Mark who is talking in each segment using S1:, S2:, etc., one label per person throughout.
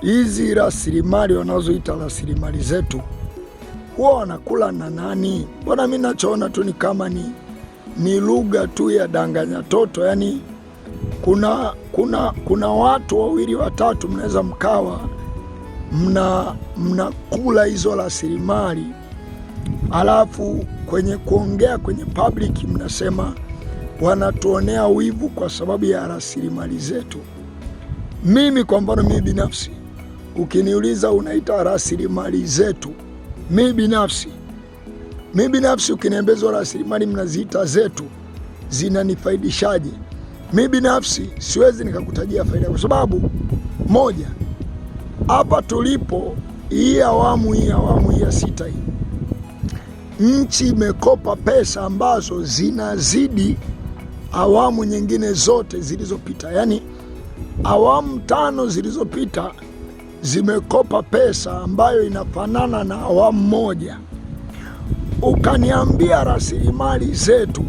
S1: hizi rasilimali wanazoita rasilimali zetu huwa wanakula na nani? Mbona mi nachoona tu ni kama ni, ni lugha tu ya danganya toto. Yani kuna, kuna, kuna watu wawili watatu mnaweza mkawa mna mnakula hizo rasilimali, alafu kwenye kuongea kwenye public mnasema wanatuonea wivu kwa sababu ya rasilimali zetu. Mimi kwa mfano, mimi binafsi ukiniuliza unaita rasilimali zetu, mi binafsi mi binafsi, ukiniambia rasilimali mnaziita zetu zinanifaidishaje? Mi binafsi siwezi nikakutajia faida, kwa sababu moja, hapa tulipo hii awamu hii awamu hii ya sita hii nchi imekopa pesa ambazo zinazidi awamu nyingine zote zilizopita, yaani awamu tano zilizopita zimekopa pesa ambayo inafanana na awamu moja, ukaniambia rasilimali zetu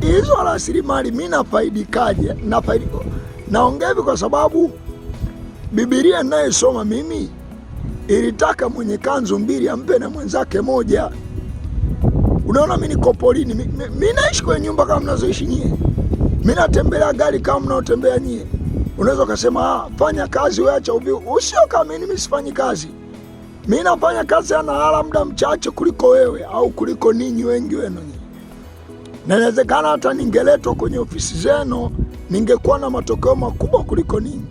S1: hizo rasilimali mi nafaidikaje? Nafaidika, naongea hivi kwa sababu Bibilia ninayesoma mimi ilitaka mwenye kanzu mbili ampe na mwenzake moja. Unaona, mi niko polini, mi naishi kwenye nyumba kama mnazoishi nyie, mi natembelea gari kama mnaotembea nyie. Unaweza ukasema ah, fanya kazi wewe, acha uvivu. Usio kama mimi sifanyi kazi, mimi nafanya kazi analala muda mchache kuliko wewe au kuliko ninyi wengi wenu. Nawezekana hata ningeletwa kwenye ofisi zenu ningekuwa na matokeo makubwa kuliko ninyi.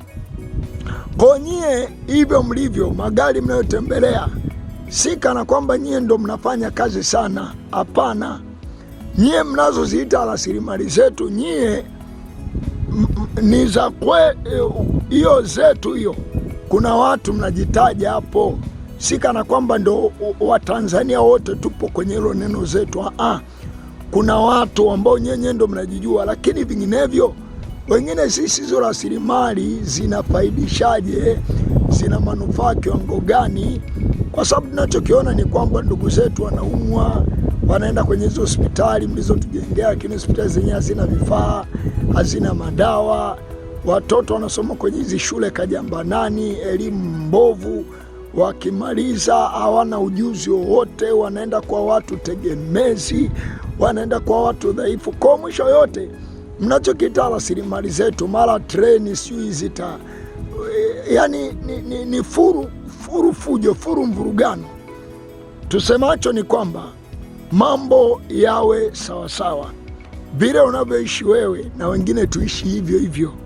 S1: Kwa nyie hivyo mlivyo, magari mnayotembelea si kana kwamba nyie ndo mnafanya kazi sana. Hapana, nyie mnazoziita rasilimali zetu nyie ni za kwe hiyo zetu hiyo. Kuna watu mnajitaja hapo, si kana kwamba ndo Watanzania wote tupo kwenye hilo neno zetu. Aa, kuna watu ambao nyenye ndo mnajijua, lakini vinginevyo wengine sisi, hizo rasilimali zinafaidishaje? Zina manufaa kiwango gani? Kwa sababu tunachokiona ni kwamba ndugu zetu wanaumwa wanaenda kwenye hizo hospitali mlizotujengea, lakini hospitali zenyewe hazina vifaa, hazina madawa. Watoto wanasoma kwenye hizi shule kajambanani, elimu mbovu. Wakimaliza hawana ujuzi wowote, wanaenda kwa watu tegemezi, wanaenda kwa watu dhaifu. Kwa mwisho yote mnachokita rasilimali zetu, mara treni sijui zita eh, yani ni, ni, ni furu, furu fujo furu mvurugano. Tusemacho ni kwamba mambo yawe sawasawa, vile unavyoishi wewe na wengine tuishi hivyo hivyo.